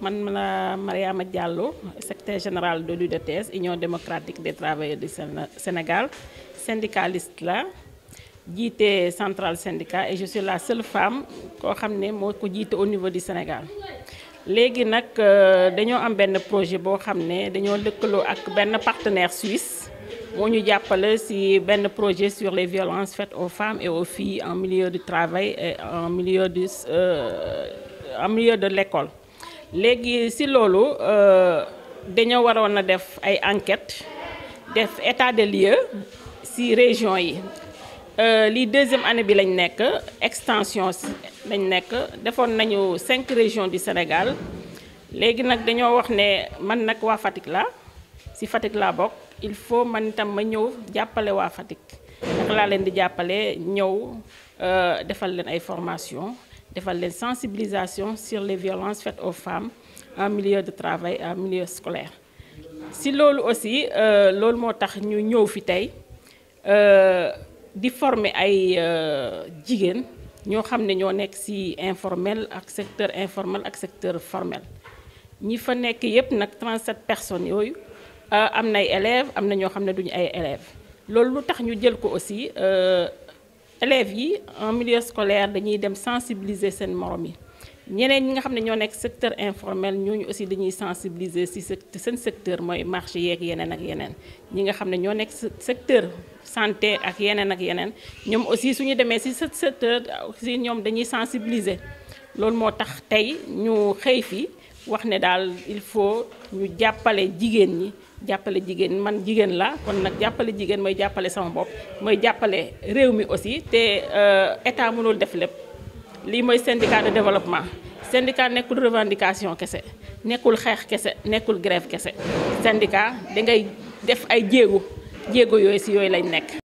man la Mariama Diallo secrétaire générale de l'UDTS Union démocratique des travailleurs du Sénégal syndicaliste la jiite central syndicat et je suis la seule femme koo xam ne moo ko jiite au niveau du Sénégal léegi nag euh, dañoo am benn projet boo xam ne dañoo lëkkaloo ak benn partenaire suisse moo ñu jàppale ci benn projet sur les violences faites aux femmes et aux filles en milieu du travail et en milieu euh, en milieu de l'école léegi si loolu euh, dañoo waroon a def ay enquêtes def état des lieux si région yi euh, lii deuxième année bi lañ nekk extension lañ nekk defoon nañu cinq régions du Sénégal léegi nag dañoo wax ne man nag waa Fatick la si Fatick laa bokk il faut man itam ma ñëw jàppale waa Fatick naka laa leen di jàppale ñëw euh, defal leen ay formation defal leen sensibilisation sur les violences faites aux femmes en milieu de travail en milieu scolaire si loolu aussi euh, loolu moo tax ñu ñëw fi tey euh, di former ay euh, jigéen ñoo xam ne ñoo nekk ci informel ak secteur informel ak secteur formel ñi fa nekk yépp nag 37 personnes yooyu am na ay élèves am na ñoo xam ne duñu ay élèves loolu lu tax ñu jël ko aussi élèves yi en milieu scolaire dañuy dem sensibiliser seen morom yi ñeneen ñi nga xam ne ñoo nekk secteur informel ñooñu aussi dañuy sensibiliser ci seen secteur mooy marché yeeg yeneen ak yeneen ñi nga xam ne ñoo nekk secteur santé ak yeneen ak yeneen ñoom aussi suñu demee ci secteur aussi ñoom dañuy sensibiliser loolu moo tax tey ñu xëy fii wax ne daal il faut ñu jàppale jigéen ñi jàppale jigéen man jigéen la kon nag jàppale jigéen mooy jàppale sama bopp mooy jàppale réew mi aussi te euh, état mënul def lépp lii mooy syndicat de développement syndicat nekkul revendication kese nekkul xeex kese nekkul grève kese syndicat da ngay def ay jéego jéego yooyu si yooyu lañ nekk